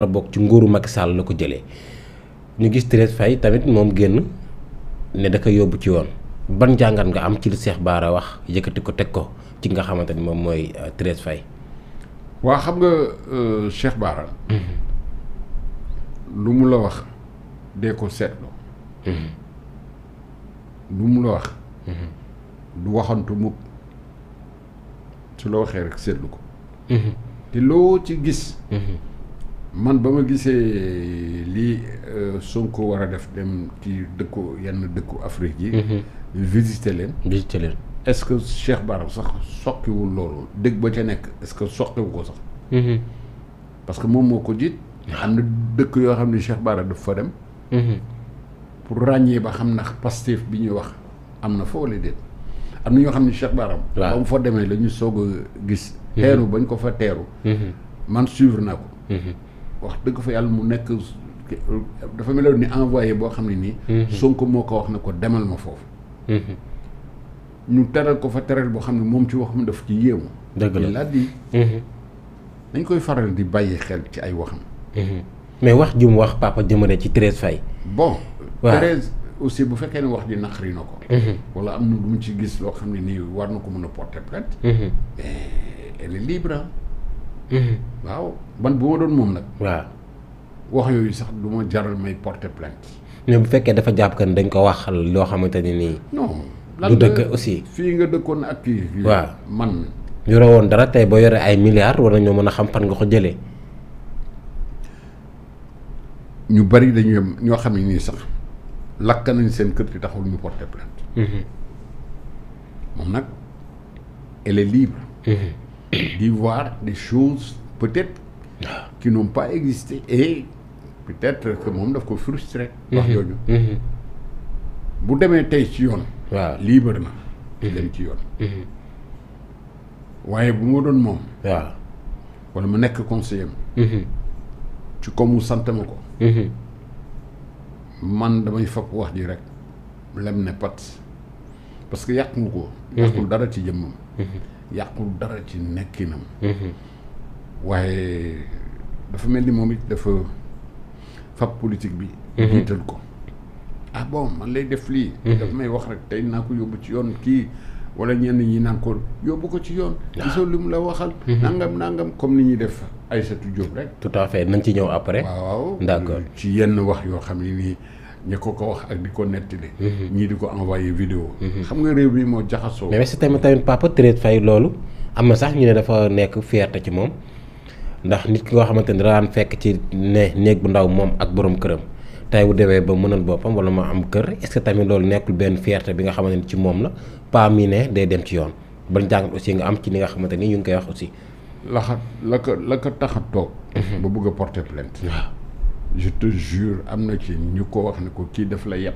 wala bokk ci nguuru Macky Sall la ko jëlee ñu gis Thérèse Faye tamit moom génn ne da yóbbu ci yoon ban jàngat nga am ci li Cheikh Bara wax yëkkati ko teg ko ci nga xamante ni moom mooy euh, Thérèse Faye waa xam nga euh, Cheikh Bara mm-hmm. lu mu la wax dee ko seetlu mm-hmm. lu mu la wax mm-hmm. du waxantu mukk su la waxee rek seetlu ko te loo ci gis man ba ma gisee lii euh, Sonko war a def dem ci dëkku yenn dëkku Afrique yi. Mhm. visiter leen. visiter leen est-ce que Cheikh Bara sax soqiwul loolu dëgg ba ca nekk est que soqiwu ko sax. Mhm. parce que moom moo ko jiit. am na dëkk yoo xam ne Cheikh Bara daf fa dem. Mhm. pour ràññee ba xam ndax Pastef bi ñuy wax am na fa wala déet am na ñoo xam ne Cheikh barab waaw ba mu fa demee la ñu soog gis. teeru bañ ko fa teeru. man suivre naa ko. wax dëgg fa yàlla mu nekk dafa meloon ni envoyé boo xam ne nii. Mhm. Sonko moo ko wax na ko demal ma foofu. Mhm. ñu teral ko fa teral boo xam ne moom ci waxam daf ci yéemu. dëgg la di. Mhm. dañ koy faral di bàyyi xel ci ay waxam. mais wax jum wax papa jëmale ci Thérèse Faye. bon waaw aussi bu fekkee ne wax ji naqari na ko. wala am na lu mu ci gis loo xam ne nii war na ko mën a porter plainte. elle est libre. Mhm. waaw man bu ma doon moom nag. waaw wax yooyu sax du ma jaral may porter plant mais bu fekkee dafa jàpp ne dañ ko wax xal loo xamante ne nii. non lan dëkk aussi. fii nga dëkkoon ak waa man. yore woon dara tey boo yore ay milliards war ñoo mën a xam fan nga ko jële ñu bari dañu yem ñoo xam ne nii sax lakk nañ seen kër ci taxul ñu porter plainte. Mhm. moom nag d'y voir des choses peut-être ah. qui pas existé et peut moom daf ko frustré. Mm-hmm. wax jooju. Mm-hmm. bu demee tey ci yoon. waaw libre na. Mm-hmm. dem ci yoon. waaye bu ma doon moom. waaw wala mu nekk conseiller ma. ci comme mu sant ma ko. man damay fab wax ji rek lem ne pat parce que yàq ko. yàqul dara ci jëmmam. yàqul dara ci nekki nekkinam mhm. waaye dafa mel ni moom it dafa fab politique bi mhm. jiital ko ah bon man lay def lii mhm. dafa may wax rek tey naa ko yóbbu ci yoon kii wala ñenn ñi naan ko yóbbu ko ci yoon ah. gisoo li mu la waxal nangam nangam comme ni ñuy def ay Aïssatou Diop rek tout à fait nañ ci ñëw après waaw d'accord ci yenn wax yoo xam ne nii ñi ko ko wax ak di ko nettali. Mhm. ñii di ko envoyé vidéo. Mhm. xam nga réew bi moo jaxasoo. mais si tamit tamit papa Thérèse Faye loolu am na sax ñu ne dafa nekk fierté ci moom ndax nit ki nga xamante ni daan fekk ci néeg bu ndaw moom ak borom këram tey bu demee ba mënal boppam wala ma am kër est-ce tamit loolu nekkul benn fierté bi nga xamante ni ci moom la pas mi ne day dem ci yoon bañ jàngat aussi nga am ci ni nga xamante ni ñu ngi koy wax aussi. la la ko la ko tax a toog. Mhm. ba bëgg a porter plainte. je te jure am na ci ñu ko wax ne ko kii daf la yeb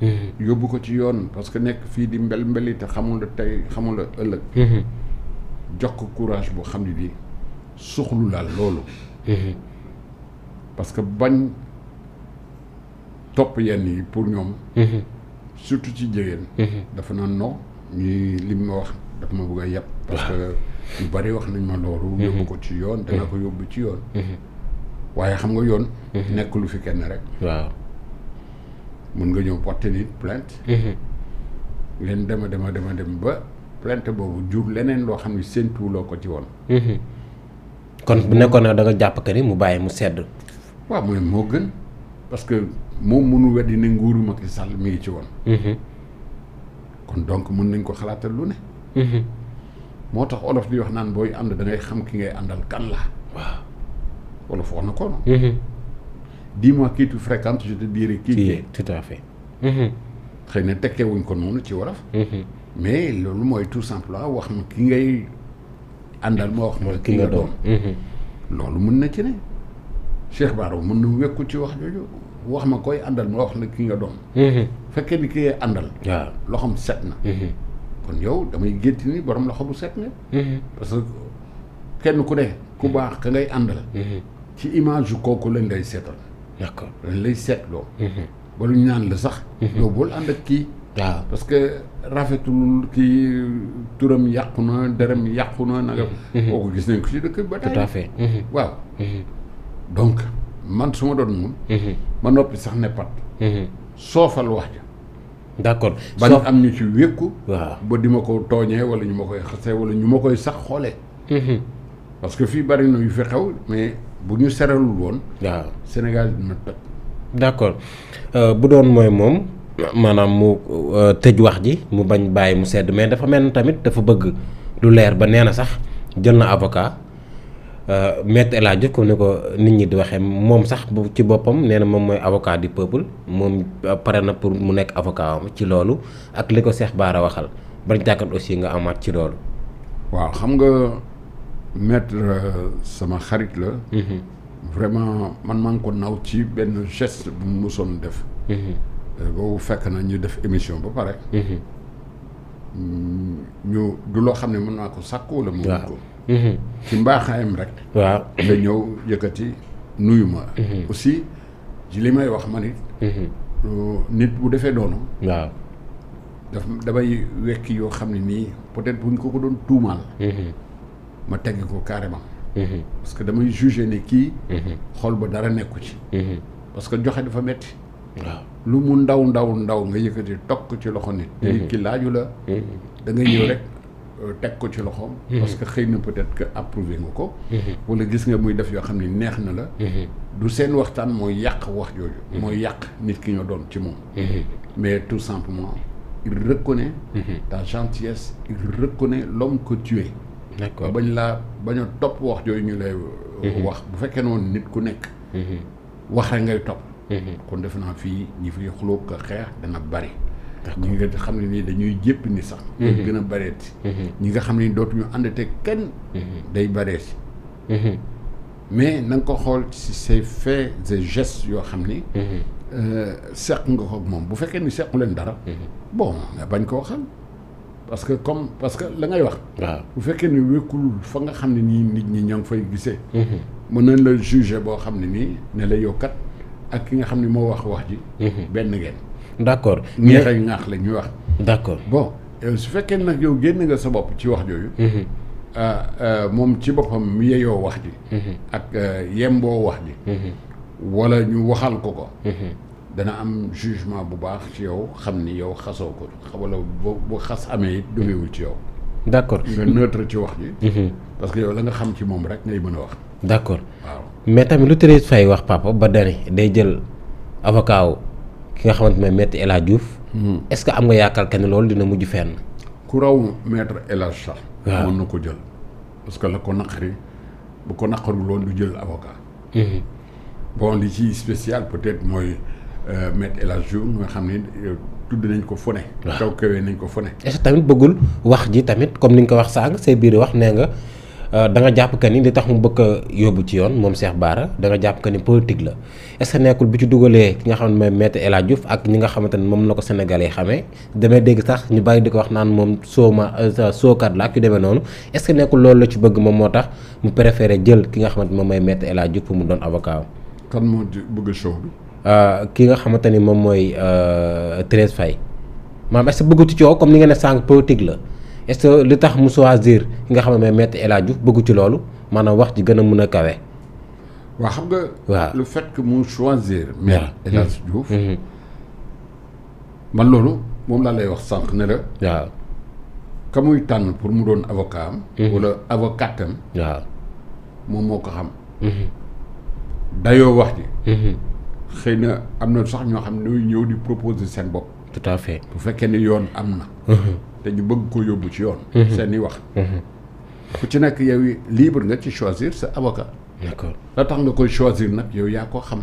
mm-hmm. yóbbu ko ci yoon parce que nekk fii di mbel mbeli te xamul la tey xamul la ëllëg mm-hmm. jox ko courage boo xam ne bi suxlu la loolu mm-hmm. parce que bañ topp yenn yi pour ñoom surtout ci jigéen dafa naan non ñuy li ma wax dafa ma bëgg a yeb parce que ñu bari wax nañ ma loolu yóbbu ko ci yoon danga ko yóbbu ci yoon waaye xam nga yoon. Mhm. nekk lu fi kenn rek. waaw mun nga ñëw porter nit plainte. Mhm. leen dema dema dema dem ba plainte boobu jur leneen loo xam ne séntuwuloo ko ci woon. Mhm. kon bu nekkoon ne danga jàpp que ni mu bàyyi mu sedd. waaw mooy moo gën parce que moom mënu weddi ne nguuru ki sàll mi ngi ci woon. kon donc mën nañ ko xalaatal lu ne. moo tax olof di wax naan booy ànd da ngay xam ki ngay àndal kan la waaw. wolof wax na ko di dis-moi qui tu fréquentes je te dirai qui tu es. tout à fait. Mhm. xëy na tekkee wuñ ko noonu ci wolof. Mhm. mais loolu mooy tout simplement wax ma ki ngay àndal ma wax ma ki nga doon. Mhm. mën na ci ne Cheikh mën na wekku ci wax wax ma koy àndal ma wax la ki nga doon. fekkee ni ki ngay àndal. waaw set na. kon yow damay gént ni borom loxo bu set na. parce que kenn ku ne ku baax ka ngay àndal. ci image kooku lañ day seetal. d'accord lañ seetloo. Mhm. ba lu ñu naan la sax. Mhm. yow bul ànd ak kii. waaw parce que rafetul ki turam yàqu na deram yàqu na nanga. Mhm. kooku gis nañ ko ci dëkk ba. tout à fait waaw. donc man su ma doon moom. ma noppi sax ne pat. soofal wax ja. ba ñu am ñu ci wékku. ba di ma ko tooñee wala ñu ma koy xasee wala ñu ma koy sax xoolee. parce que fii bari na yu fi xew mais bu ñu seralul woon. waaw Sénégal dina toj. d' accord euh, bu doon mooy moom maanaam mu euh, tëj wax ji mu bañ bàyyi mu sedd mais dafa mel ni tamit dafa bëgg lu leer ba nee na sax jël na avocat euh, maître El Hadji Diouf comme ni ko nit ñi di waxee moom sax ci boppam nee na moom mooy avocat di peuple moom pare na pour mu nekk avocat am ci loolu ak li ko seex baara waxal bañ tàkkat aussi nga amaat ci loolu. waaw xam nga. maître euh, sama xarit la. Mhm. vraiment man maa ngi ko naw ci benn geste bu mu mosoon def. Mhm. Euh, boobu fekk na ñu def émission ba pare. Mhm. Mm, ñu du loo xam ne mën naa ko sàkk wala mu ko ci mbaaxaayam rek. waaw nga ñëw yëkkati nuyu ma. aussi ci li may wax ma nit. bu defee doonu waaw daf damay wekki yoo xam ne nii peut-être buñ ko ko doon tuumaal. ma teg ko carrément. Mhm. parce que damay jugé ne kii. Mhm. xool ba dara nekku ci. Mhm. parce que joxe dafa metti waaw lu mu ndaw ndaw ndaw nga yëkkati tokk ci loxo nit. nit ki laaju la. da ñëw rek euh, teg ko ci loxoom. parce que xëy na peut-être que approuvé nga ko. wala gis nga muy def yoo xam ne neex na la. du seen waxtaan mooy yàq wax jooju. mooy yàq nit ki nga doon ci moom. mais tout simplement il reconnaît. ta gentillesse il reconnaît l'homme que tu es. d'accord bañ laa bañ topp wax jooyu ñu lay. Mhm. wax bu fekkee noonu nit ku nekk. Mhm. wax rek ngay topp. Mhm. kon defe naa fii ñi fiy xulóog ko xeex dana bari. ñi nga xam ne nii dañuy jépp ni sax. gën a bareeti. ñi nga xam ne dootuñu àndatee kenn. day si mais nanga ko xool ci say faits et gestes yoo xam ni. Euh, seq nga ko ak moom bu fekkee ni sequ leen dara. bon nga bañ koo xam. parce que comme parce que la ngay wax. waaw bu fekkee ni wékkul fa nga xam ne nii nit ñi ña ngi fay gisee. Mhm. mën nañ la juger boo xam ne nii ne la yokkat ak ki nga xam ne moo wax wax ji. Mhm. benn ngeen. d' accord ñeex ak ñaax la ñuy wax. d' accord bon euh, su fekkee nag yow génn nga sa bopp ci wax jooyu mhm. euh, euh, moom ci boppam mu yeyoo wax ji. ak yemboo wax ji. wala ñu waxal ko ko. dana am jugement bu baax ci yow xam ni yow xasoo ko wala bu xas amee it doxewul ci yow. d' accord nga neutre ci wax ji. Mhm. parce que yow la nga xam ci moom rek ngay mën a wax. d' accord waaw mais tamit lu Thérèse Faye wax papa ba dane day jël avocat ki nga xamante ne maître El Hadj Diouf. Mhm. est ce que am nga yaakaar que ne loolu dina mujj fenn. ku raw maître El Hadj sax. waaw mën na ko jël. parce que la ko naqari bu ko naqaru loon du jël avocat. Mhm. bon li ci spécial peut mooy. Euh, maître El Hadj Diouf nga xam ne euh, tudd nañ ko fone ne. kawee nañ ko fu ne. tamit bëggul wax ji tamit comme ni nga ko wax sànq say biir wax nee nga euh, da nga jàpp que ni li tax mu bëgg a yóbbu ci yoon moom Cheikh baara danga jàpp que ni politique la est-ce nekkul bi ci dugalee ki nga xam ne mooy maître El Hadj Diouf ñi nga xamante ne moom la ko sénégalais xamee damay dégg sax ñu bàyyi di ko wax naan moom sooma sookat la ak yu demee noonu est-ce loolu la ci bëgg moom moo tax mu préféré jël ki nga xamante moom mooy maître El Hadj Diouf pour mu doon avocat am. kan moo bëgg show bi. Euh, ki nga xamante ni moom mooy euh, Thérèse Faye maanaam est-ce que bëggu ci coow comme ni nga ne sànq politique la est li tax mu choisir ki nga xam ne mooy Maître El Hadji Diouf bëggu ci loolu maanaam wax ji gën a mun a kawe. waaw xam nga. waaw le fait que choisir. Maître El Hadji Diouf. Mm-hmm. man loolu moom laa lay wax sànq ne la. waaw ka tànn pour mu doon avocat am. Mm-hmm. wala avocatam. waaw moom moo ko xam. Mm-hmm. dayoo wax ji. xëy na am na sax ñoo xam ne ñooy ñëw di proposer seen bopp. tout à fait bu fekkee ni yoon am na. Mhm. te ñu bëgg ko yóbbu ci yoon. Mhm. seen wax. Mhm. ku ci nekk yow libre nga ci choisir sa avocat. la tax nga koy choisir nag yow yaa ko xam.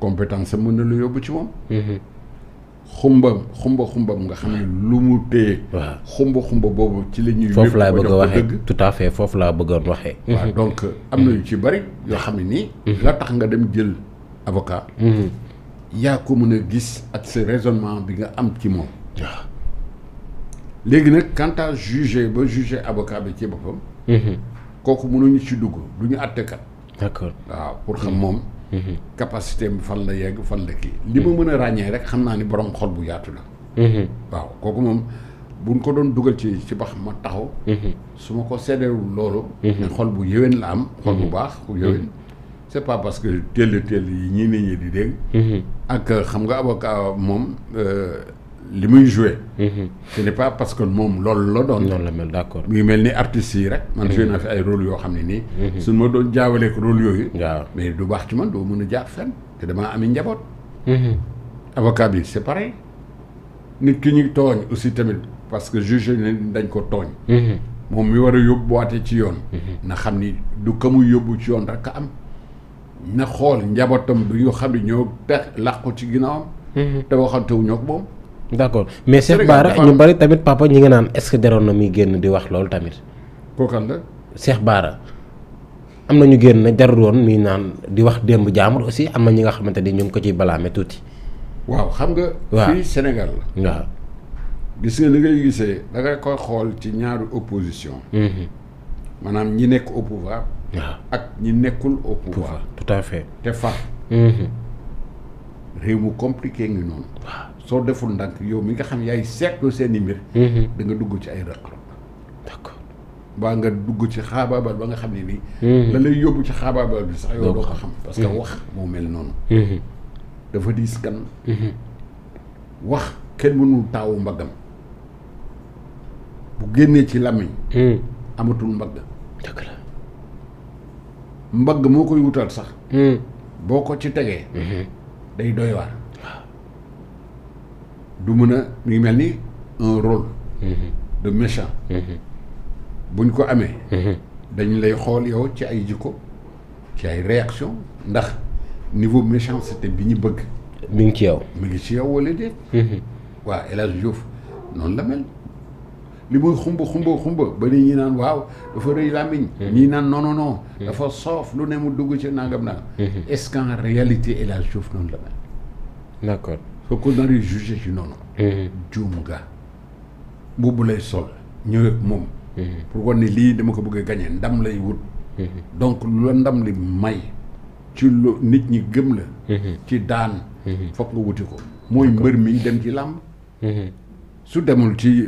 compétence mën na lu yóbbu ci moom. xumbam xumba xumbam nga xam ne lu mu téye. waaw xumba xumba boobu ci la ñuy. foofu laa bëgg a waxee tout à fait foofu laa bëggoon waxee. waaw donc am na yu ci bari yoo xam ne nii. la tax nga dem jël. avocat. Mhm. yaa ko mën a gis ak sa raisonnement bi nga am ci moom. léegi nag quant à ba juger avocat bi ci boppam. Mhm. kooku mënuñu ci dugg du ñu àttekat. waaw pour xam moom. Mhm. capacité bi fan la yegg fan la kii. li ma mën a ràññee rek xam naa ni borom xol bu yaatu la. waaw kooku moom buñ ko doon dugal ci ci bax ma taxaw. su ma ko séddeewul loolu. xol bu yéwén la am. xol bu baax bu yéwén. c'est pas parce que tell tell yi ñii nit ñi di dégg. Mm-hmm. ak euh, xam nga avocat moom euh, li muy joué. Mm-hmm. ce n'est pas parce que moom loolu la doon. loolu la mel mi ngi mel ni artistes yi rek. man joué naa mm-hmm. ay rôle yoo xam ne nii. suñ ma doon jaawaleeg rôle yooyu. waaw mais du baax ci man doo mën a jaar fenn te damaa ami njaboot. avocat bi c'est nit ki ñu tooñ aussi tamit parce que juge nañ dañ ko tooñ. moom mi war a yóbbuwaate ci yoon. na xam ni du ka muy yóbbu ci yoon rek a am. na xool njabootam bi nga xam ne ñoo tax làqu ci ginnaawam. Mhm. te waxantewu ñoo ko moom. d' accord mais Cheikh Bara ñu tamit papa ñi nga naan est ce que jaroon na muy génn di wax loolu tamit. kookan la. Cheikh Bara am na ñu génn woon muy naan di wax démb jaamur aussi am na ñi nga xamante ni ñu ngi ko ciy balaame tuuti. waaw xam nga. waaw fii Sénégal la. waaw gis nga li ngay gisee da koy xool ci ñaari opposition. Mhm. maanaam ñi nekk au ak ñi nekkul au pouvoir tout à fait te far mm-hmm. réew mu compliqué ngi noonu soo deful ndànk yow mi nga xam yaay seetlu seen i mbir mm-hmm. da nga dugg ci ay rëq-rëq d'accord baa nga dugg ci xaabaabal ba nga xam ne nii mm-hmm. la lay ci xaabaabal bi sax yow doo ko xam parce wax moo mel noonu dafa diis kan wax kenn mënul taawu mbaggam bu génnee ci làmmiñ mm. amatul mbagg mbagg moo koy wutal sax. Hmm. boo ko ci tegee. Hmm. day doy waar. du mën a mi ngi mel ni un rôle. Hmm. de méchant. buñ ko amee. dañ lay xool yow ci ay jikko ci ay réaction ndax niveau méchanceté bi ñu bëgg. mi ngi ci yow mi ngi ci yow wala déet. waa El Hadj noonu la mel. li muy xumba xumba xumba ba ni ñi naan waaw dafa rëy làmmiñ hmm. ñi naan non hmm. dafa soof lu ne mu dugg ci nangam nangam hmm. est-ce qu'en réalité El Hadji Diouf noonu la mel d'accord soo ko naree lay sol ñëw moom pour wane lii dama ko bëgg a gañe ndam lay wut donc lu la ndam li may ci lu nit ñi gëm la ci daan foog nga wuti ko mooy mbër mi dem ci làmb su demul ci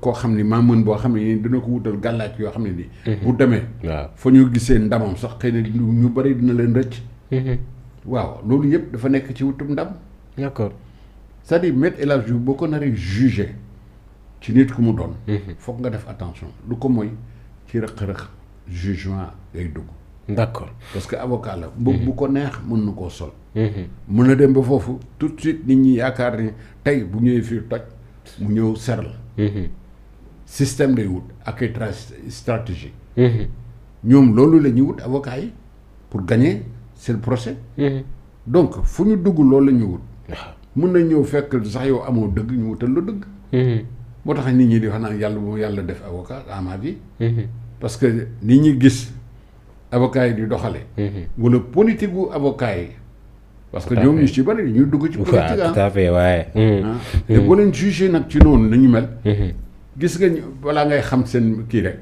koo xam ni maa mën boo xam ne dina ko wutal gàllaaj yoo xam ne nii mhm. bu demee waaw fa ñu gisee ndamam sax xëy na ñu bëri dina leen rëcc mhm. waaw loolu yëpp dafa nekk ci wutum ndam d'accord c'est-à-dire Me El Hadji Diouf boo ko naree jugé ci nit ku mu doon mhm. foog nga def attention lu ko mooy ci rëq-rëq jugement ngay dugg d'accord parce que avocat la mbubb bu ko neex mën na koo sol mën na dem ba foofu tout suite nit ñi yaakaar ni tey bu ñëwee fii toj mu ñëw ser la système lay wut ak ay stratégie mhm. ñoom loolu la ñuy wut avocat pour gagner seen procès mhm. donc fu ñu dugg loolu la ñuy wut ah. mun na ñëw fekk sax yow amoo dëgg ñu wutal la dëgg mhm. moo tax nit ñi di wax naan yàlla bu yàlla def avocat à ma vie parce que nit ñi gis avocats yi di doxale wala politique gu avocat yi parce que ñoom ñu ci bari ñuy dugg ci politique ah tout à fait waaye ah. te boo leen jugé nag ci noonu nañu mel gis nga balaa ngay xam seen kii rek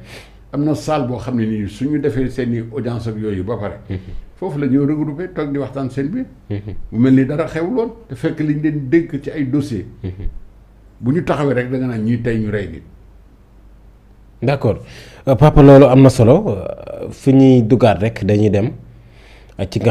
am na salle boo xam ne nii ñu defee seen i audience ak yooyu ba pare. foofu la ñoo regroupé toog di waxtaan seen biir. mu mel ni dara xewloon te fekk liñ leen dénk ci ay dossier bu ñu taxawee rek da nga naan ñii tey ñu rey nit. d'accord euh, papa am na solo euh, fi ñuy dugaat rek dañuy dem euh, ci nga.